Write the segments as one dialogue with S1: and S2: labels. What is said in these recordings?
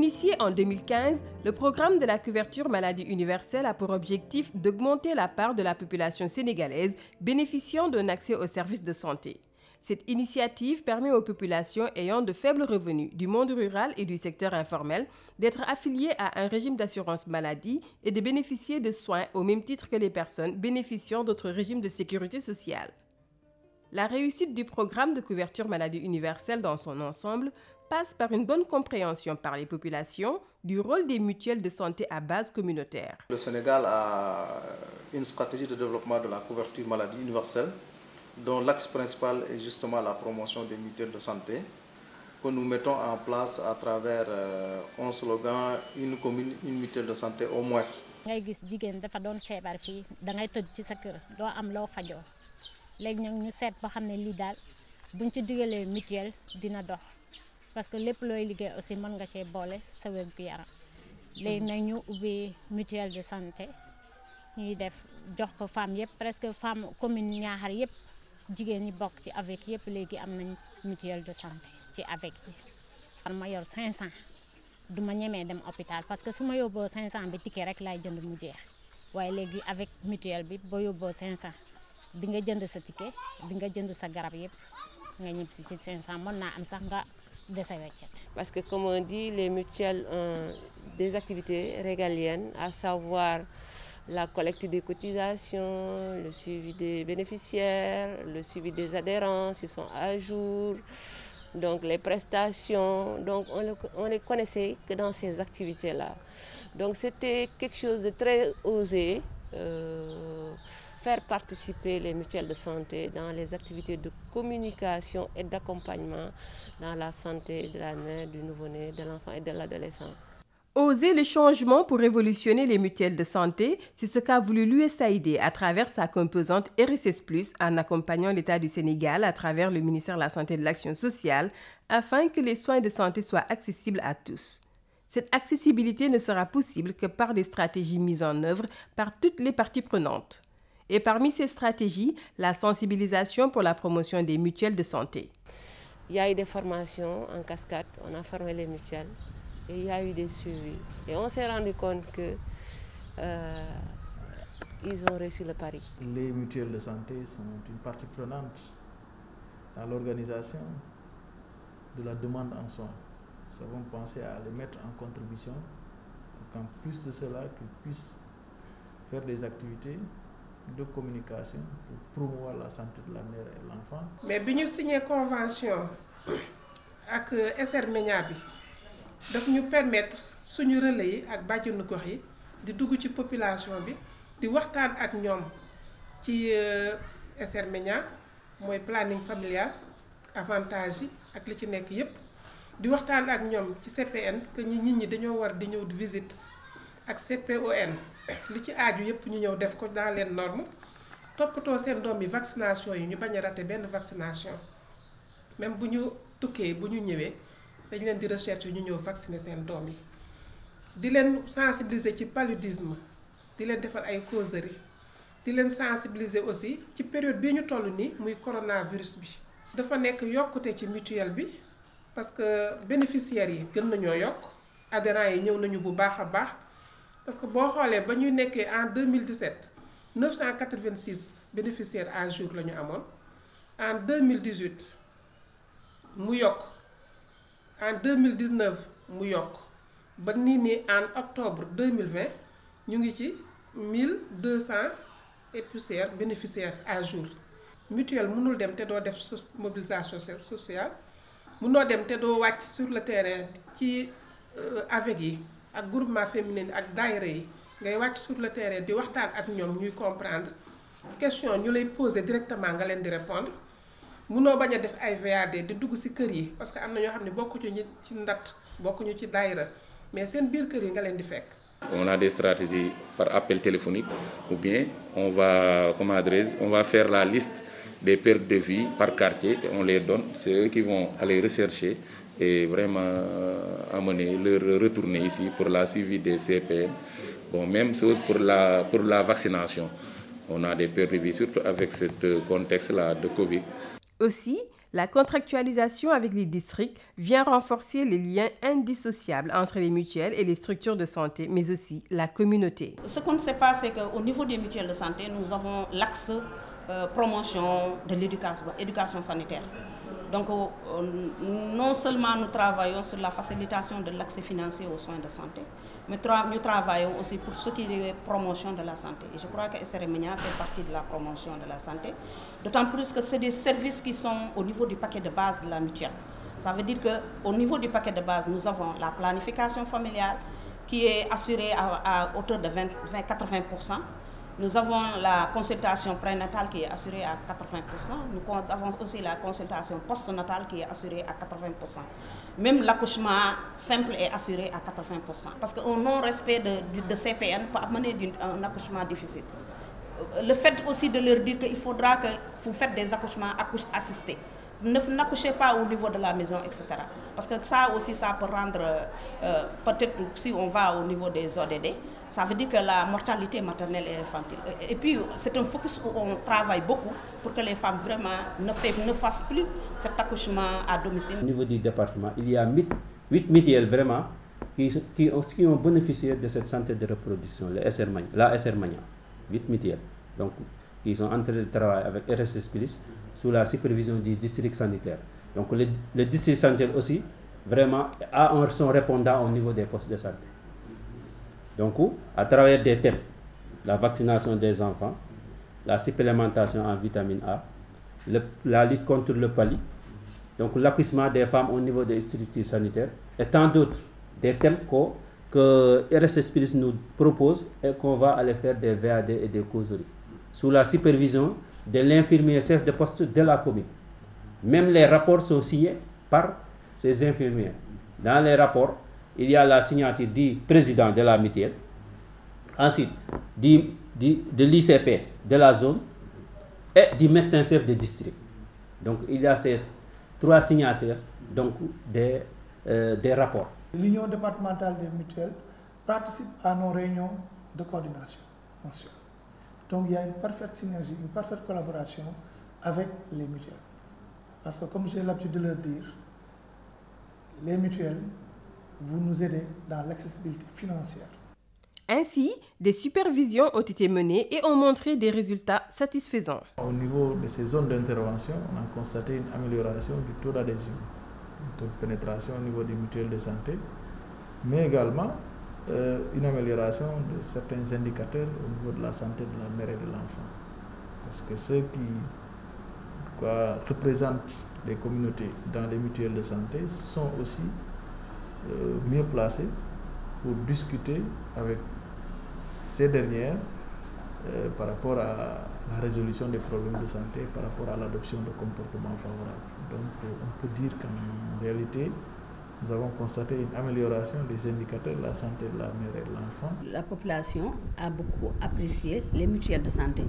S1: Initié en 2015, le programme de la couverture maladie universelle a pour objectif d'augmenter la part de la population sénégalaise bénéficiant d'un accès aux services de santé. Cette initiative permet aux populations ayant de faibles revenus du monde rural et du secteur informel d'être affiliées à un régime d'assurance maladie et de bénéficier de soins au même titre que les personnes bénéficiant d'autres régimes de sécurité sociale. La réussite du programme de couverture maladie universelle dans son ensemble passe par une bonne compréhension par les populations du rôle des mutuelles de santé à base communautaire.
S2: Le Sénégal a une stratégie de développement de la couverture maladie universelle dont l'axe principal est justement la promotion des mutuelles de santé que nous mettons en place à travers euh, un slogan une commune une mutuelle de santé au moins.
S3: parce que lepp loy liggéey aussi man nga cey bolé sa wér bi yaram léegi nag ñu ubbi mutuelle de santé ñi def jox ko femme yépp presque femme commune ñaar yépp jigéen ñi bok ci avec yépp légui am nañ mutuelle de santé ci avec yi par mayor 500 duma ñëmé dem hôpital parce que suma yobbo 500 bi ticket rek lay jënd mu jeex waye légui avec mutuelle bi bo yobbo 500 di nga jënd sa ticket di nga jënd sa garab yépp nga ñib ci 500 mën naa am sax nga
S4: Parce que comme on dit, les mutuelles ont des activités régaliennes, à savoir la collecte des cotisations, le suivi des bénéficiaires, le suivi des adhérents, ils sont à jour, donc les prestations. Donc on, le, les connaissait que dans ces activités-là. Donc c'était quelque chose de très osé. Euh, faire participer les mutuelles de santé dans les activités de communication et d'accompagnement dans la santé de la mère, du nouveau-né, de l'enfant et de l'adolescent.
S1: Oser le changement pour révolutionner les mutuelles de santé, c'est ce qu'a voulu l'USAID à travers sa composante RSS+, en accompagnant l'État du Sénégal à travers le ministère de la Santé et de l'Action sociale, afin que les soins de santé soient accessibles à tous. Cette accessibilité ne sera possible que par des stratégies mises en œuvre par toutes les parties prenantes. Et parmi ces stratégies, la sensibilisation pour la promotion des mutuelles de santé.
S4: Il y a eu des formations en cascade, on a formé les mutuelles et il y a eu des suivis. Et on s'est rendu compte que euh, ils ont reçu le pari.
S5: Les mutuelles de santé sont une partie prenante dans l'organisation de la demande en soins. Nous avons pensé à les mettre en contribution pour qu'en plus de cela, qu'ils puissent faire des activités de communication pour promouvoir la santé de la mère et de l'enfant.
S6: mais nous signons signé convention avec SR Média nous permettre suñu relais yi ak bàjjenu gox de di la population de di waxtaan ak ñoom ci euh, SR Média le planning familial avantage et ak li ci nekk yépp di waxtaan ak ci CPN que ñi nit ñi dañoo war di visite ak CPON li ci aaju yëpp ñu ñëw def ko dans les normes toppatoo seen doom yi vaccination yi ñu bañ a raté benn vaccination même bu ñu tukkee bu ñu ñëwee dañ leen di recherche ñu ñëw vacciner seen doom yi di leen sensibiliser ci paludisme di leen defal ay causerie di leen sensibiliser aussi ci période bii ñu toll nii muy coronavirus bi dafa nekk yokkute ci mutuelle bi parce que bénéficiaires yi gën nañoo yokk adhérents yi ñëw nañu bu baax a baax parce que si on ba en 2017 986 bénéficiaires à jour en 2018 mu en 2019 mu York. ba en octobre 2020 ñu ngi 1200 bénéficiaires à jour mutuelle mënul dem te doo def mobilisation sociale Nous dem sur le terrain qui euh, avec yi ak groupement féminin ak daayira yi ngay wàcc sur le terrain di waxtaan ak ñoom ñuy comprendre question ñu lay poser directement nga leen di répondre ne bañ a def ay VAD di dugg ci kër yi parce que am na ñoo xam ne bokkuñu ñu ci ndat bokkuñu ci mais seen biir kër yi nga leen di fekk. on a des stratégies par appel téléphonique ou bien on va comment adresse on va faire la liste des pertes de vie par quartier on les donne c'est eux qui vont aller rechercher et vraiment amener, euh, leur retourner ici pour la suivi des CPN. Bon, même chose pour la, pour la vaccination. On a des pertes surtout avec ce euh, contexte-là de Covid.
S1: Aussi, la contractualisation avec les districts vient renforcer les liens indissociables entre les mutuelles et les structures de santé, mais aussi la communauté.
S3: Ce qu'on ne sait pas, c'est qu'au niveau des mutuelles de santé, nous avons l'axe euh, promotion de l'éducation sanitaire. Donc, euh, euh, non seulement nous travaillons sur la facilitation de l'accès financier aux soins de santé, mais nous travaillons aussi pour ce qui est promotion de la santé. Et je crois que SRMNIA fait partie de la promotion de la santé, d'autant plus que c'est des services qui sont au niveau du paquet de base de la mutuelle. Ça veut dire qu'au niveau du paquet de base, nous avons la planification familiale qui est assurée à, hauteur de 20 80%. Nous avons la consultation prénatale qui est assurée à 80%. Nous avons aussi la consultation postnatale qui est assurée à 80%. Même l'accouchement simple est assuré à 80%. Parce qu'un non-respect de, de, CPN peut amener un accouchement difficile. Euh, le fait aussi de leur dire qu'il faudra que vous faites des accouchements assistés n'accouchez pas au niveau de la maison, etc. Parce que ça aussi, ça peut rendre, euh, euh, peut-être si on va au niveau des ODD, ça veut dire que la mortalité maternelle et infantile. Et puis, c'est un focus où on travaille beaucoup pour que les femmes vraiment ne, fassent, plus cet accouchement à domicile. Au
S7: niveau du département, il y a 8 métiers vraiment qui, ont bénéficié de cette santé de reproduction, la SR 8 Donc, ils sont entrés de avec RSS sous la supervision du district sanitaire. Donc, le, district sanitaire aussi, vraiment, a son répondant au niveau des postes de santé. Donc, à travers des thèmes, la vaccination des enfants, la supplémentation en vitamine A, la lutte contre le pali, donc l'accouchement des femmes au niveau des structures sanitaires, et tant d'autres, des thèmes que, que nous propose et qu'on va aller faire des VAD et des causeries, sous la supervision de l'infirmier chef de poste de la commune. Même les rapports sont signés par ces infirmières Dans les rapports, il y a la signature du président de la mutuelle, ensuite de l'ICP de la zone et du médecin-chef de district. Donc il y a ces trois signataires donc, des, euh, des rapports.
S6: L'Union départementale des mutuelles participe à nos réunions de coordination. Donc il y a une parfaite synergie, une parfaite collaboration avec les mutuelles. Parce que comme j'ai l'habitude de le dire, les mutuelles vous nous aidez dans l'accessibilité financière.
S1: Ainsi, des supervisions ont été menées et ont montré des résultats satisfaisants.
S5: Au niveau de ces zones d'intervention, on a constaté une amélioration du taux d'adhésion, du taux de pénétration au niveau des mutuelles de santé, mais également euh, une amélioration de certains indicateurs au niveau de la santé de la mère et de l'enfant. Parce que ceux qui représentent les communautés dans les mutuelles de santé sont aussi euh, mieux placés pour discuter avec ces dernières euh, par rapport à la résolution des problèmes de santé, par rapport à l'adoption de comportements favorables. Donc euh, on peut dire qu'en réalité, nous avons constaté une amélioration des indicateurs de la santé de la mère
S3: et de l'enfant. La population a beaucoup apprécié les mutuelles de santé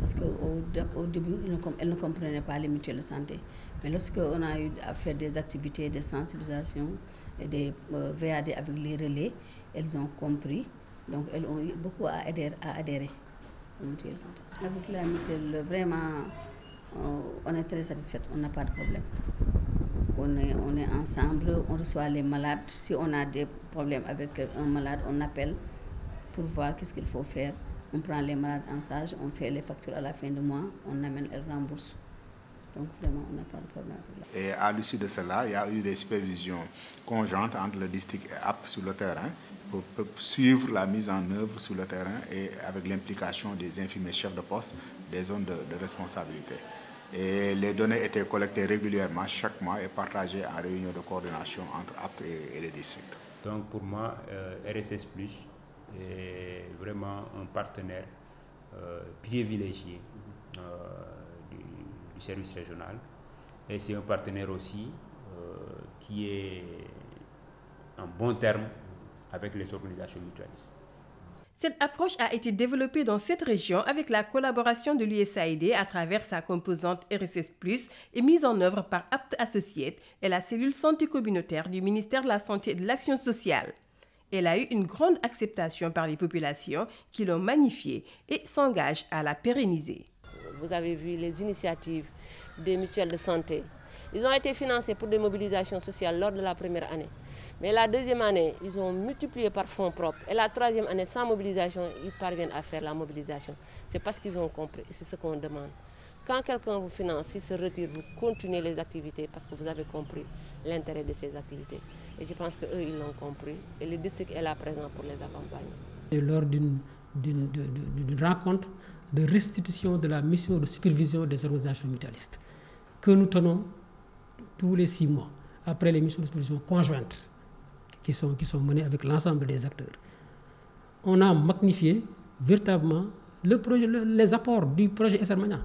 S3: parce qu'au début, elle ne comprenait pas les mutuelles de santé. Mais lorsqu'on a eu à faire des activités de sensibilisation, des euh, VAD avec les relais, elles ont compris. Donc elles ont eu beaucoup à adhérer. À avec la vraiment, euh, on est très satisfaite, on n'a pas de problème. On est, on est ensemble, on reçoit les malades. Si on a des problèmes avec un malade, on appelle pour voir qu'est-ce qu'il faut faire. On prend les malades en sage, on fait les factures à la fin du mois, on amène et rembourse. Donc vraiment, on n'a pas problème.
S7: Et à l'issue de cela, il y a eu des supervisions conjointes entre le district et AP sur le terrain pour, suivre la mise en œuvre sur le terrain et avec l'implication des infirmiers chefs de poste des zones de, responsabilité. Et les données étaient collectées régulièrement chaque mois et partagées en réunion de coordination entre AP et, le district. Donc pour moi, euh, RSS Plus est vraiment un partenaire euh, privilégié euh, service régional. Et c'est un partenaire aussi euh, qui est en bon terme avec les organisations
S3: mutualistes.
S1: Cette approche a été développée dans cette région avec la collaboration de l'USAID à travers sa composante RSS+, et mise en œuvre par Apt Associates et la cellule santé communautaire du ministère de la Santé et de l'Action sociale. Elle a eu une grande acceptation par les populations qui l'ont magnifiée et s'engagent à la pérenniser
S4: vous avez vu les initiatives des mutuelles de santé. Ils ont été financés pour des mobilisations sociales lors de la première année. Mais la deuxième année, ils ont multiplié par fonds propres. Et la troisième année, sans mobilisation, ils parviennent à faire la mobilisation. C'est parce qu'ils ont compris c'est ce qu'on demande. Quand quelqu'un vous finance, s'il se retire, vous continuez les activités parce que vous avez compris l'intérêt de ces activités. Et je pense qu'eux, ils l'ont compris. Et le district est là présent pour les accompagner.
S8: Et lors d'une rencontre, de restitution de la mission de supervision des organisations mutualistes que nous tenons tous les six mois après les missions de supervision conjointes qui sont, qui sont menées avec l'ensemble des acteurs. On a magnifié véritablement le projet, les apports du projet Essermania.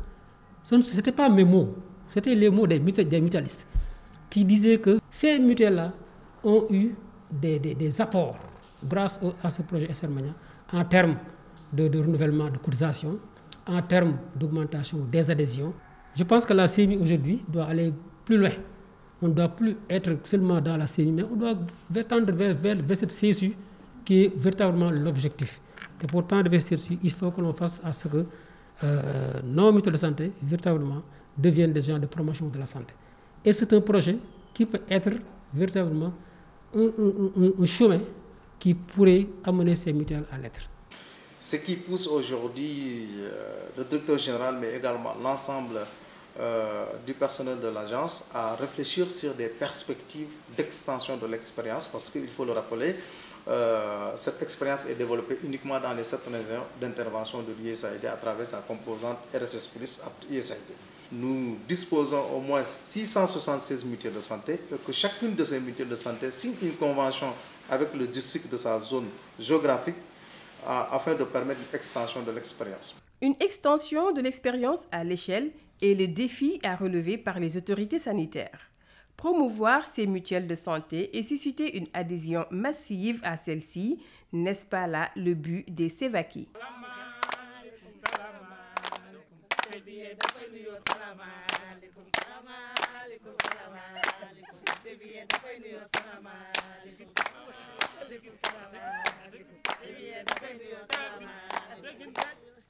S8: Ce n'était pas mes mots, c'était les mots des, mutualistes qui disaient que ces mutuelles-là ont eu des, des, apports grâce à ce projet Essermania en termes de, de renouvellement de cotisation, en termes d'augmentation des adhésions. Je pense que la CMI aujourd'hui doit aller plus loin. On ne doit plus être seulement dans la CMI, mais on doit tendre vers, vers, cette CSU qui est véritablement l'objectif. Et pourtant, vers cette CSU, il faut que l'on fasse à ce que euh, nos mutuelles de santé, véritablement, deviennent des gens de promotion de la santé. Et c'est un projet qui peut être véritablement un, un, un, un chemin qui pourrait amener ces mutuelles à l'être.
S2: Ce qui pousse aujourd'hui euh, le directeur général, mais également l'ensemble euh, du personnel de l'agence à réfléchir sur des perspectives d'extension de l'expérience, parce qu'il faut le rappeler, euh, cette expérience est développée uniquement dans les sept régions d'intervention de l'ISAID à travers sa composante RSS Plus USAID. Nous disposons au moins 676 mutuelles de santé que chacune de ces mutuelles de santé signe une convention avec le district de sa zone géographique afin de permettre l'extension de l'expérience.
S1: Une extension de l'expérience à l'échelle est le défi à relever par les autorités sanitaires. Promouvoir ces mutuelles de santé et susciter une adhésion massive à celles-ci, n'est-ce pas là le but des SEVAKI
S3: nuyoo salaamaaleykum salaamaaleykum salaamaaleykum te bi yéen dafay nuyoo salaamaaleykum salaamaaleykum salaamaaleykum te bi yéen dafay nuyoo salaamaaleykum